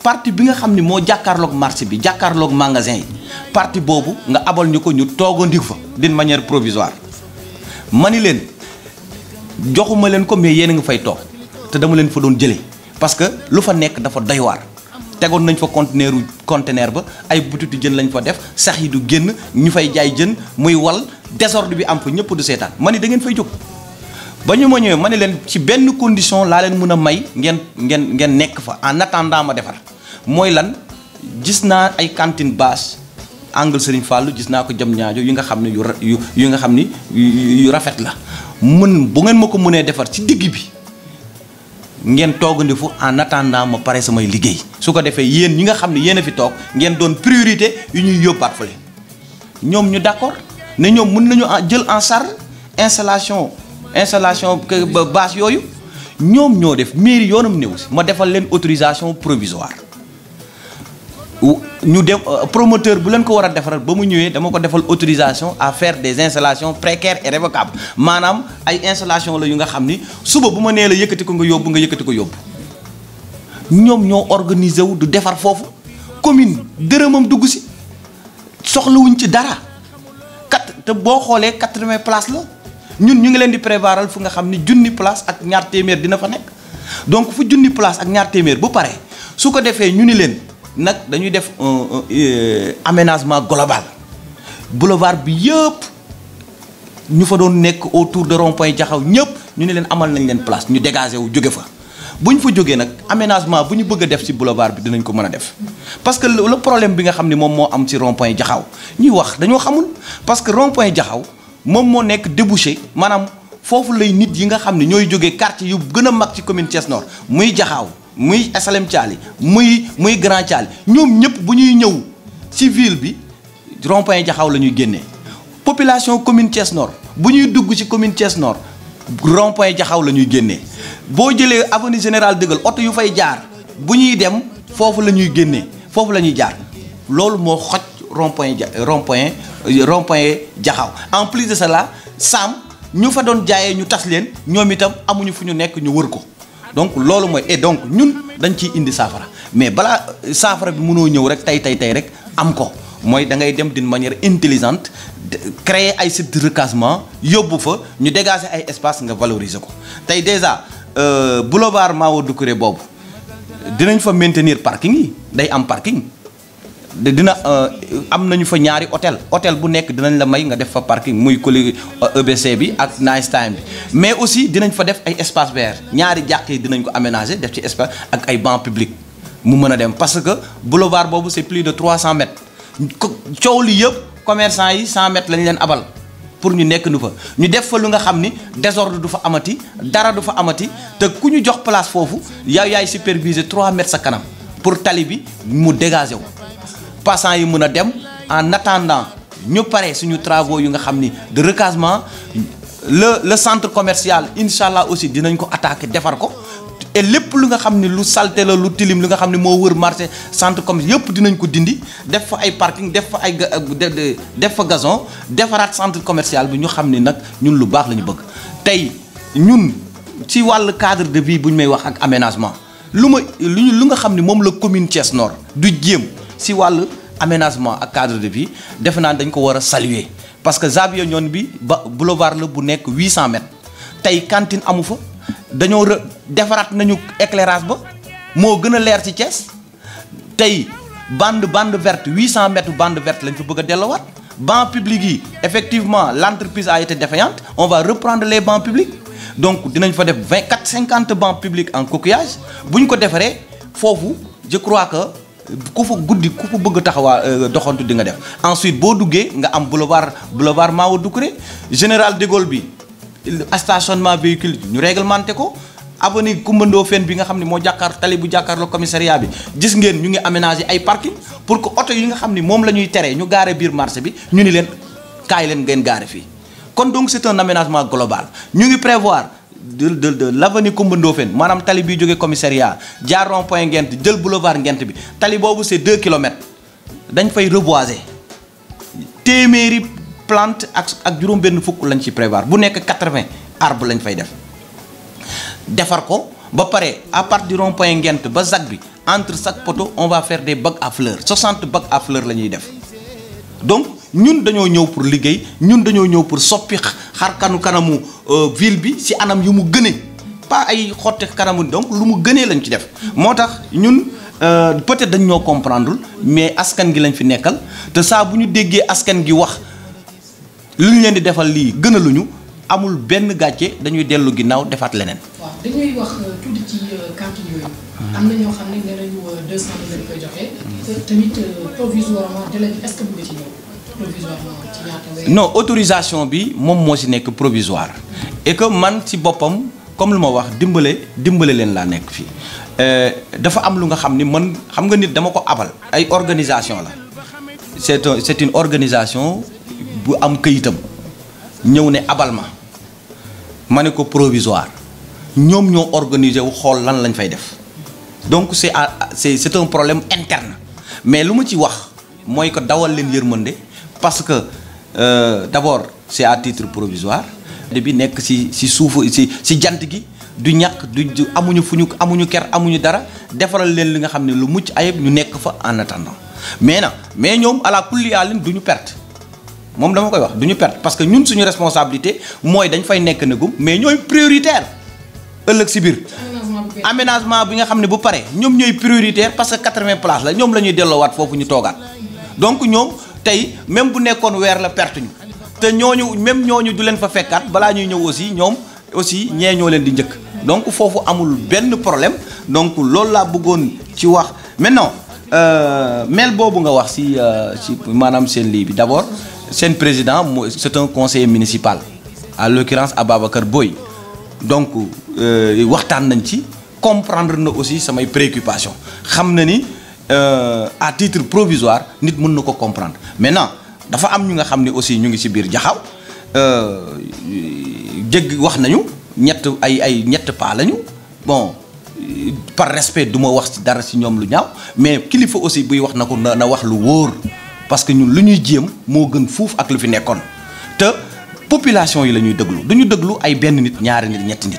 parti bi nga xam ni moo jàkkaarloog marché bi jàkkaarloog magasin yi parti boobu nga abal ñu ko ñu toog a fa d'une manière provisoire ma ni leen joxuma leen ko mais yéen a nga fay toog te dama leen fa doon jëlee parce que lu fa nekk dafa doy waar tegoon nañ fa conteneur conteneur ba ay butitu jën lañ fa def sax yi du génn ñu fay jaay jën muy wal désordre bi am fa ñëpp du seetaan ma ni da ngeen fay jóg ba ñu ma ñëwee ma ne leen ci benn condition laa leen mën a may ngeen ngeen ngeen nekk fa en attendant ma defar Moylan, lan gis na ay cantine basse angle Serigne Fallou gis na ko jëm ñaajo yu nga xamni yu nga xamni yu rafet la mën bu ngeen mako defar ci digg bi ngeen toogandi fu en attendant ma pare samay liggéey su ko defee yeen yi nga xamni yeen fi tok ngeen doon priorité yu ñuy yóbbaat fële ñom ñu d'accord né ñom mën nañu jël en charge installation installation basse yoyu ñom ñoo def mairie yoonam ma defal leen autorisation provisoire ñu dem euh, promoteur bu len ko wara a defaral ba dama ko defal autorisation à faire des installations précaires et révocables manam ay installation la yu nga xamni suba buma ma nee la yëkkati ko nga yobbu nga yëkëti ko yobbu ñom ñoo organisé wu du défar fofu commune dërëmam dugg si wuñ ci dara kat te bo xolé 80 vingts places la ñun ñu ngi leen di préparal fu nga xamni ni place ak ñaar témèr dina fa nek donc fu junni place ak ñaar témèr bu paré su ko défé ñu ni leen nag dañuy def un euh, aménagement global boulevard bi yëpp ñu fa doon nekk autour de rond-point jaxaw ñëpp ñu ne leen amal nañ leen place ñu dégagé wu jóge fa bu ñu fa jógee nag aménagement bu ñu bëgg def ci boulevard bi dinañ ko mën a def parce que le problème bi nga xam ne moom am ci rond-point jaxaw ñuy wax dañoo xamul parce que rond-point jaxaw moom moo nekk débouché maanaam foofu lay nit yi nga xam ne ñooy jógee quartier yu gën a mag ci commune Thiès Nord muy jaxaaw muy SLM Thiali muy muy Grand Thiali ñoom ñëpp bu ñuy ñëw ci ville bi rond-point Jaxaw la ñuy génnee population commune Thiès Nord bu ñuy dugg ci commune Thiès Nord rond-point Jaxaw la ñuy génnee boo jëlee avenue Général de Gaulle oto yu fay jaar bu ñuy dem foofu la ñuy génnee foofu la ñuy jaar loolu moo xoj rond-point ja euh, Jaxaw en plus de cela Sam ñu fa doon jaaye ñu tas leen ñoom itam amuñu fu ñu nekk ñu wër ko. donc loolu mooy et donc ñun dañ ciy indi saafara mais balaa saafara bi mënoo ñëw rek tey tey tey rek am ko mooy da ngay dem d'une manière intelligente créer ay sites de recasement yóbbu fa ñu dégager ay espace nga valoriser ko tey déjà euh, boulevard Mao Doucouré boobu dinañ fa maintenir parking yi day am parking dina euh, am nañu fa ñaari hôtel hôtel bu nekk dinañ la may nga def fa parking muy collègue euh, EBC bi ak nice time bi mais aussi dinañ fa def ay espace vert ñaari jàq yi dinañ ko aménager def ci espace ak ay banc public mu mën a dem parce que boulevard boobu c'est plus de 300 mètres coow li yëpp commerçant yi 100 mètres lañ leen abal pour ñu nekk nu fa ñu def fa lu nga xam ni désordre du fa amati dara du fa amati te ku ñu jox place foofu yow yaay superviser 3 mètres sa kanam pour tali bi mu dégager wu passant yi mën dem en attendant ñu paré suñu travaux yu nga xamni de recasement le le centre commercial inshallah aussi dinañ ko attaquer défar ko et lepp lu nga xamni lu salté la lu tilim lu nga xamni mo wër marché centre commercial yépp dinañ ko dindi def fa ay parking def fa ay def fa gazon défarat centre commercial bi ñu xamni nak ñun lu baax lañu bëgg tay ñun ci wàllu cadre de vie buñ may wax ak aménagement lu ma lu nga xam ne moom la commune Thiès Nord du jéem si un aménagement à cadre de vie def na dañ ko saluer parce que Zawiya ñoon bi boulevard la bu nekk 800 mètres tey cantine amu fa dañoo re nañu éclairage ba moo gën a leer ci Thiès tey bande bande verte 800 mètres bande verte lañ fi bëgg a Les bancs publics effectivement l'entreprise a été défaillante on va reprendre les bancs publics donc dinañ fa def 24 50 bancs publics en coquillage Vous ko defaree vous, je crois que ku fa guddi ku fa bëgg taxawaa euh, doxantu di nga def ensuite boo duggee nga am boulevard boulevard Mao Doucouré général de Gaulle bi stationnement véhicule ñu réglementé ko avenue kumbando fen bi nga xamni mo jakar tali bu lo commissariat bi gis ngeen ñu ngi aménager ay parking pour que auto yi nga xamni mom lañuy téré ñu gaare bir marché bi ñu ni len kay len ngeen gaare fi kon donc c'est un aménagement global ñu ngi prévoir de de de l'avenue Koumba Ndofène manam tali bi joggé commissariat jaar rond point ngent jël boulevard ngent bi tali bobu c'est 2 km dañ fay reboiser téméri plante ak ak juroom benn fukk lañ ci prévoir bu nekk 80 arbre lañ fay def defar ko ba paré à partir du rond point ngent ba zac bi entre chaque poteau on va faire des bacs à fleurs 60 bacs à fleurs lañuy def donc ñun dañoo ñëw pour liggéey ñun dañoo ñëw pour soppi xar kanu kanamu euh, ville bi ci anam yu mu gënee pas ay xotti kanamu donc lu mu gënee lañ ci def. moo tax ñun euh, peut-être dañ ñoo comprendre mais askan gi lañ fi nekkal te saa bu ñu déggee askan gi wax lu ñu leen di defal lii gënaluñu amul benn gàcce dañuy dellu ginnaaw defaat leneen. waaw non autorisation bi mom mo ci nek provisoire et que man ci bopam comme luma wax wax dimbale len la nek fi euh dafa am lu nga xamni man xam nga nit dama ko abal ay organisation la c'est c'est une organisation bu am këyitam ñew ne abal ma mané ko provisoire ñom ñoo organiser wu xol lan lañ fay def donc c'est c'est c'est un problème interne mais luma ci wax moy ko dawal len yërmande parce que euh, d'abord c'est à titre provisoire bi nekk ci ci suuf ci ci jant gi du ñàkk du amuñu fu ñu amuñu ker amuñu dara defaral leen li nga xam ne lu mucc ayib ñu nekk fa en attendant mais na mais ñoom ala kulli yàllin du ñu perte moom dama koy wax du ñu perte parce que ñun suñu responsabilité mooy dañ fay nekk nagum mais ñooy prioritaire ëllëg si biir aménagement bi nga xam ne bu pare ñoom ñooy prioritaire parce que 80 places la ñoom la ñuy delloowaat foofu ñu toogaat tay même bu nekkoon weer la perte ñu te ñoñu même ñoñu du len fa fekkat bala ñuy ñëw aussi ñom aussi ñee ñoo leen di njëkk donc fofu amul benn problème donc lool la bëggoon ci wax maintenant euh, mel bobu nga wax ci ci euh, manam sen li bi d'abord sen président c'est un conseiller municipal à l'occurrence Ababacar Boy donc euh, waxtan nañ ci comprendre na aussi samay préoccupation xam na ni Euh, à titre provisoire nit mën na ko comprendre maintenant dafa am ñu nga xam ne aussi ñu ngi ci biir jaxaw euh, jëgg wax nañu ñett ay ay ñett pas lañu bon par respect du ma wax ci dara ci ñoom lu ñaaw mais kilifa aussi buy wax na ko na wax lu wóor parce que ñun lu ñuy jéem moo gën fuuf ak lu fi nekkoon te population yi la ñuy déglu du ñu déglu ay benn nit ñaari ñetti nit.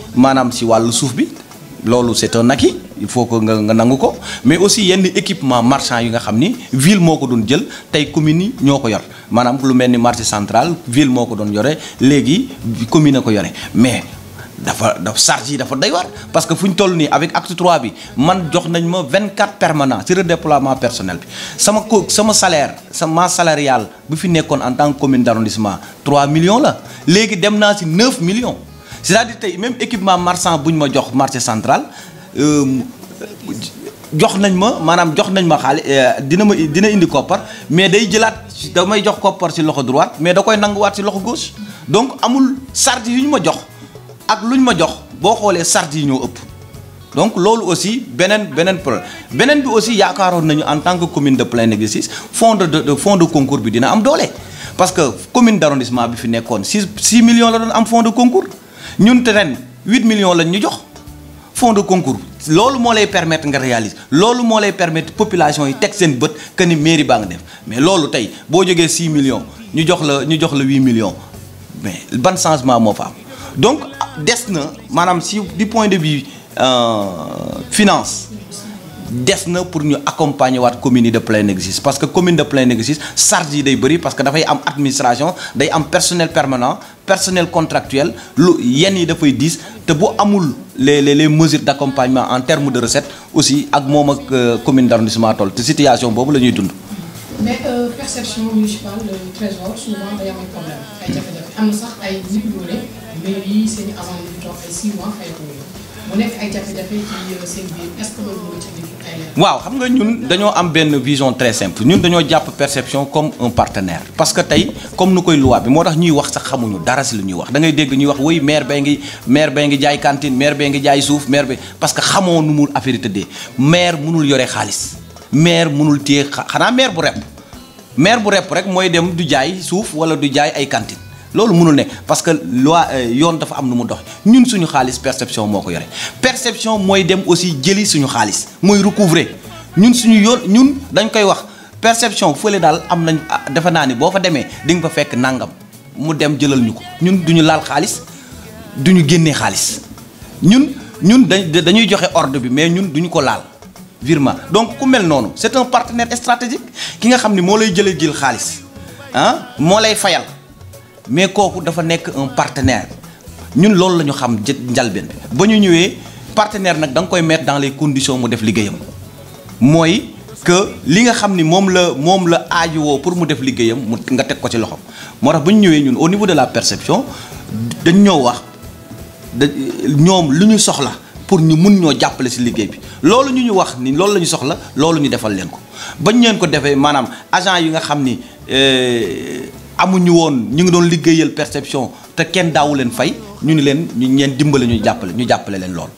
maanaam si wàllu suuf bi loolu c'est nag acquis il faut que nga nga nangu ko mais aussi yenn équipement marchand yi nga xam ni ville moo ko doon jël tey communes yi ñoo ko yor maanaam lu mel ni marché central ville moo ko doon yore léegi commune a ko yore mais dafa dafa sargi yi dafa doy waar parce que fu ñu toll nii avec acte 3 bi man jox nañ ma 24 permanents ci redéploiement personnel bi sama ko sama salaire sa masse bu fi nekkoon en tant que commune d'arrondissement 3 millions la léegi dem naa ci 9 millions c'est-à-dire tey même équipement marchand buñ ma jox marché central euh, jox nañ ma manam jox nañ ma xaalis euh, dina ma dina indi koppar mais day jëlaat damay jox koppar si loxo droite mais da koy nanguwaat si loxo gauche donc amul charge yu ñu ma jox ak luñ ma jox boo xoolee charge yi ñoo ëpp donc loolu aussi beneen beneen problème beneen bi aussi yaakaaroon nañu en tant que commune de plein exercice fonds de de fonds de concours bi dina am doole parce que commune d' arrondissement bi fi nekkoon 6 6 millions la doon am fonds de concours Nous avons 8 millions de fonds de concours ce qui nous permet de réaliser C'est ce lay permettre population yi faire seen que ni mairie baa nga def mais loolu tey boo 6 millions ñu jox la ñu 8 millions mais le bon sens. fa femme. donc madame, si du point de vue euh, finance des pour nous accompagner waat commune de plein exercice parce que commune de plein exercice charge yi day bëri parce que dafay am administration day am personnel permanent personnel contractuel lu y da fay diis te bu amul les les mesures d'accompagnement en termes de recettes, aussi ak mom ak euh, commune d'arrondissement tol te situation bobu lañuy dund. mais euh, perception municipale euh, trésor souvent il y a un problème ay jafe-jafe am sax ay nit yu mais yii seen avant ñu toog ay 6 mois ay Wow, ay vision très simple nous avons une perception comme un partenaire parce que tey comme nous, koy loi bi moo tax ñuy wax sax xamuñu dara si wax da ngay dégg ñuy wax woy maire bay ngi maire bay ngi jaay cantine maire bay ngi jaay suuf maire parce que xamoo nu mu affaire tëddee maire maire mënul téye xanaa maire bu maire bu rek du jaay wala du jaay ay cantine loolu mënul dire parce que loi euh, yoon dafa am nu mu dox ñun suñu perception moko yoré perception moy dem aussi jëli suñu xaalis moy recouvrer ñun suñu yoon ñun dañ koy wax perception feulé dal am nañ ah, dafa naa bo fa nous di fa fekk nangam mu dem jëlal ñuko ñun duñu laal xaalis duñu Nous, xaalis ñun ñun dañuy ordre bi mais ñun duñu ko laal virement donc ku mel c'est un partenaire stratégique ki nga xamni mo lay jël ah, lay mais kooku dafa nekk un partenaire ñun loolu la ñu xam jë njalbeen bi ba ñu ñëwee partenaire nag da nga koy mettre dans les conditions mu def liggéeyam mooy que li nga xam ni moom la moom la woo pour mu def liggéeyam mu nga teg ko ci loxo moo tax bu ñu ñëwee ñun au niveau de la perception dañ ñoo wax da ñoom lu ñu soxla pour ñu mun ñoo jàppale si liggéey bi loolu ñu ñu wax ni loolu la ñu soxla loolu ñu defal leen ko bañ leen ko defee maanaam agent yi nga xam ni euh, amuñu woon ñu ngi doon liggéeyal perception te kenn daawu leen fay ñu ni leen ñu ñeen dimbale ñu jàppale ñu jàppale leen lool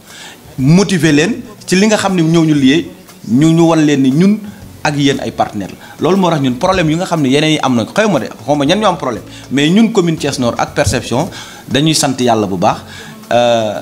motiver leen ci li nga xam ne ñëw ñu liyee ñu ñu wan leen ni ñun ak yéen ay partenaire la loolu moo rax ñun problème yi nga xam ne yeneen yi am na xëy ma de xaw ma ñan ñoo am problème mais ñun commune Thiès Nord ak perception dañuy sant yàlla bu baax euh,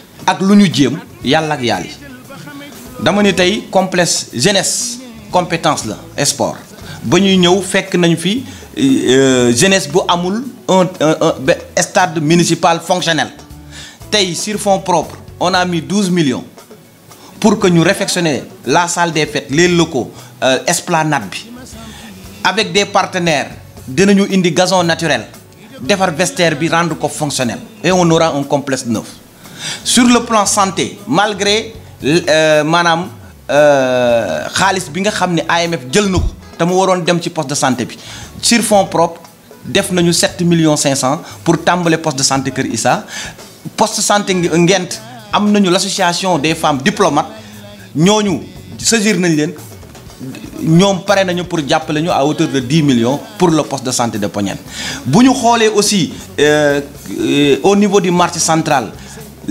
ak luñu ñu yalla Dans ak yali dama ni tay complexe jeunesse compétence la sport bañuy ñuy ñëw fekk nañ fi euh, euh, jeunesse bu amul un stade municipal fonctionnel tay sur fonds propre, on a mis 12 millions pour que nous réfectionner la salle des fêtes les locaux euh, esplanade avec des partenaires dinañu indi gazon naturel défar vestiaire bi rendre ko fonctionnel et on aura un complexe neuf sur le plan santé malgré que euh, euh, khalis bi nga xam IMF AMF jël na dem poste de santé bi sur fonds propres def nañu 7 millions 500 pour tambalé poste de santé Keur Issa poste santé Ngent am nañu l'association des femmes diplomates Nous saisir nañ leen ñom paré nañu pour à hauteur de 10 millions pour le poste de santé de Pognane bu aussi euh, au niveau du marché central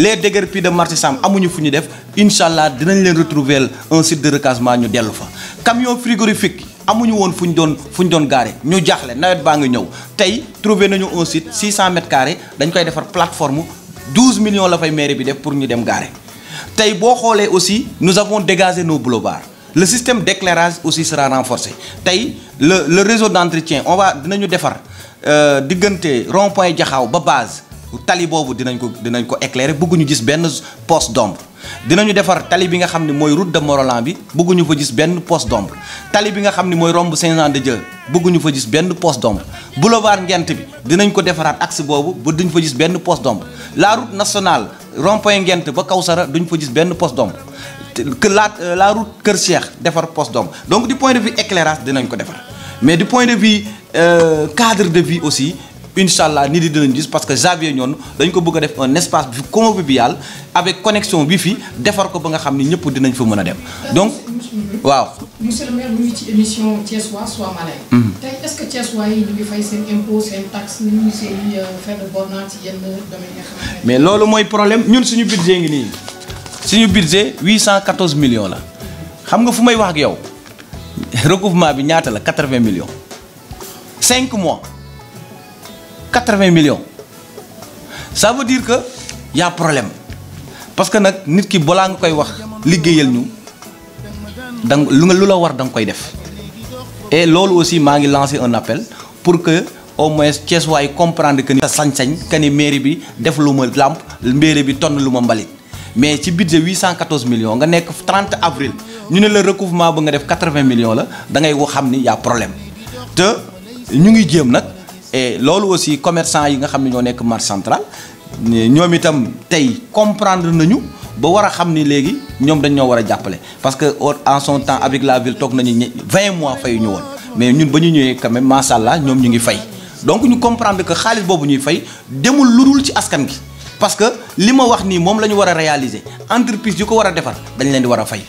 les dégâts de marché sam amuñu def un site de recasement ñu camions camion frigorifique ñu un site 600 mètres carrés dañ koy une plateforme 12 millions la fay pour dem aussi nous avons dégagé nos boulevards le système d'éclairage aussi sera renforcé le réseau d'entretien on va dinañu euh, rond-point base tali boobu dinañ ko dinañ ko éclairer bëgguñu gis benn poste d'ombre dinañu défar tali bi nga xamni moy route de Morolan bi bëgguñu fa gis benn poste d'ombre tali bi nga xamni moy mooy romb Saint-Jean-de-Dieu bëgguñu fa gis benn poste d'ombre boulevard Ngent bi dinañ ko defaraat axe bobu ba duñ fa gis benn poste d'ombre la route nationale rond-point Ngent ba Kawsara duñ fa gis benn poste d'ombre que la euh, la route Kër Cheikh défar poste d'ombre donc du point de vue éclairage dinañ ko défar mais du point de vue euh, cadre de vie aussi incha ni di yi dinañ gis parce que Xavier Nione dañ ko bëgg def un espace bu convivial avec connexion wifi défar ko ba nga xam ñëpp dinañ fa mën a dem. donc waaw. monsieur le maire mu ci émission Thiès soit Malay. Hmm. tay est-ce que Thiès yi ñu ngi fay seen impôt seen taxe ñu ngi seen euh, faire de bornage ci yenn domaine nga xam mais loolu mooy problème ñun suñu budget ngi nii suñu budget 814 millions la xam nga fu may wax ak yow recouvrement bi ñaata la 80 millions 5 mois. quatre-vingts millions ça veut dire que y a parce que nag nit ki balaa nga koy wax liggéeyal ñu danga lu lu la war da nga koy def et loolu aussi maa ngi lancé un appel pour que au moins Thiès waay comprendre que ni sañ-sañ que ni mairie bi def lu ma làmp mairie bi tonn lu ma mbali mais ci budget 814 million nga nekk 30 avril ñu ne la recouvrement ba nga def 80 millions la dangay ngay wax xam ni y a problème te ñu ngi jéem nag. et loolu aussi commerçants yi nga xamni ñoo nek marché central ñoom itam tay comprendre nañu ba wara xamni légui ñom dañ ñoo wara jappalé parce que en son temps avec la ville tok nañu 20 mois fay ñu won mais ñun bañu ñëwé quand même macha allah ñoom ñu ngi fay donc ñu comprendre que xaalis bobu ñuy fay demul lulul ci askan gi parce que li ma wax ni mom lañu wara réaliser entreprise yu ko wara défar defar dañ leen di wara fay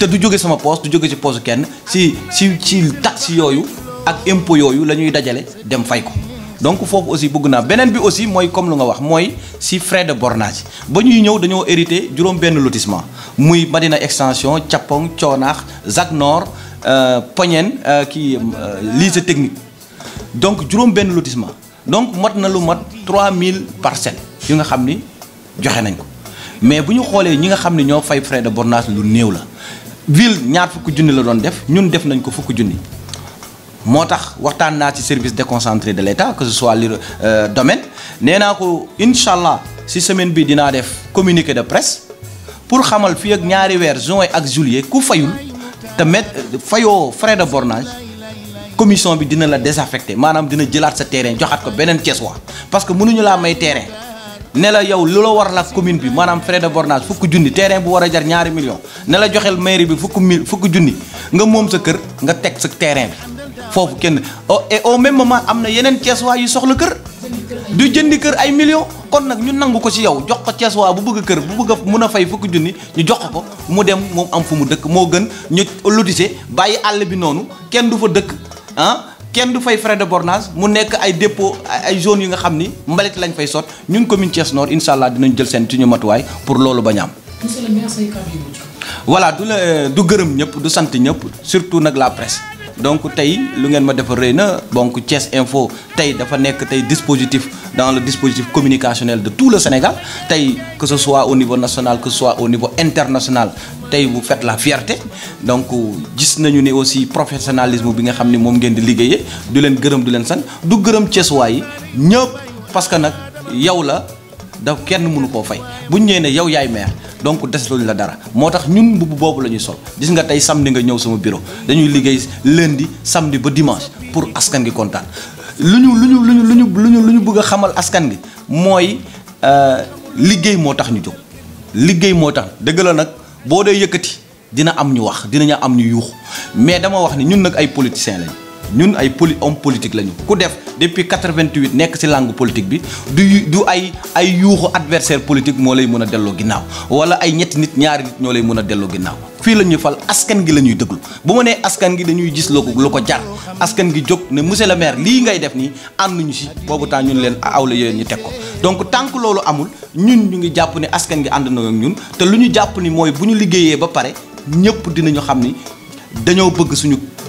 té du joggé sama poste du joggé ci poste kenn si si ci taxi yoyu ak impôt yoyu la dajalé dajale dem fay ko donc fofu aussi bëgg naa beneen bi aussi moy comme lu nga wax moy si frais de bornage bañuy ñëw dañoo hérité juroom benn lotissement muy Madina extension chapong Coonaax Zac Nord euh, Poñen euh, kii euh, lise technique donc juroom benn lotissement donc mat na lu mat 3000 parcelles yu nga xamni joxé nañ ko mais buñu xolé ñi nga xamni ño fay frais de bornage lu la ville ñaar fukk junni la doon def ñun def nañ ko fukk moo tax waxtaan ci service déconcentré de l'État que ce soit le euh, domaine Néna ko inshallah, allah si semaine bi dina def communiqué de presse pour xamal fi ak ñaari weer juin ak juillet ku fayul te met fayo frais de bornage commission bi dina la désaffecter manam dina jëlat sa terrain joxat ko benen Cees parce que mënuñu la may terrain ne la yow lu war la commune bi manam frais de bornage fukk jundi terrain bu wara jar ñaari millions ne la joxel mairie bi fukk mil fukk jundi nga mom sa kër nga tek sa terrain bi foofu kenn oh, et au même moment am na yeneen ceeswaa yu soxla kër du jëndi kër ay millions kon nag ñu nangu ko ci yow jox ko ceeswaa bu bëgg kër bu bëgg mun a fay fukki junni ñu jox ko mu dem moom am fu mu dëkk moo gën ñu lotissé bàyyi àll bi noonu kenn du fa dëkk ah kenn du fay frais de bornage mu nekk ay dépôt ay zones yi nga xam ni mbalit lañ fay sot ñun commune Thiès Nord incha allah dinañ jël seen suñu matuwaay pour loolu bañ am. voilà du la du gërëm ñëpp du sant ñëpp surtout nag la presse. donc ce que ngeen ma defal c'est que Info des dafa dispositif dans le dispositif communicationnel de tout le Sénégal que ce soit au niveau national que ce soit au niveau international vous faites la fierté donc nous avons aussi aussi professionnalisme bi nga xam fait. Nous ngeen di vous du Nous avons fait des choses du parce que vous da kenn mënu koo fay bu ñu ñëwee ne yow yaay maire donc desatuñu la dara moo tax ñun mbubb boobu la ñuy sol gis nga tey samedi nga ñëw sama bureau dañuy liggéey lundi samedi ba dimanche pour askan gi kontaan lu ñu lu ñu lu ñu lu ñu lu ñu lu ñu bëgg a xamal askan gi mooy euh, liggéey moo tax ñu jóg liggéey moo tax dëgg la nag boo dee yëkkati dina am ñu wax dinañu am ñu yuux mais dama wax ni ñun nag ay politiciens lañu. ñun ay poli homme politique lañu ku def depuis 88 nekk ci langue politique bi du du ay ay yuuxu adversaire politique moo lay mën a delloo ginnaaw walla ay ñetti nit ñaari nit ñoo lay mën a delloo ginnaaw fii la ñuy fal askan gi la ñuy déglu bu ma nee askan gi dañuy gis ko lu ko jar askan gi jóg ne monsieur le maire lii ngay def nii ànd ñu si boobu temps ñun leen awla yooyu ñu teg ko donc tànk loolu amul ñun ñu ngi jàpp ne askan gi ànd na ak ñun te lu ñu jàpp ni mooy bu ñu liggéeyee ba pare ñëpp dinañu xam ni dañoo bëgg suñu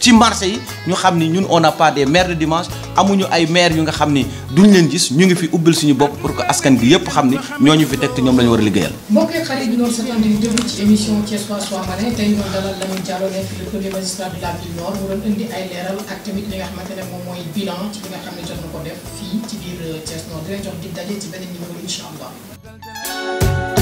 ci marché yi ñu xam ni ñun on n'a pas des maires de dimanche amuñu ay maires yu nga xam ni duñ leen gis ñu ngi fi ubbil suñu bopp pour que askan bi yëpp xam ni ñooñu fi teg te ñoom la ñu war a liggéeyal. mbokk yi xarit bi doon seetaan di déglu ci émission Thiès Soir Soir tey ñoo dalal Lamine Diallo nekk le premier magistrat de la ville nga xamante ne moom mooy bilan ci li nga xam ne jot na ko def fii ci biir euh, Thiès Nord dinañ jox dig daje ci beneen numéro incha allah.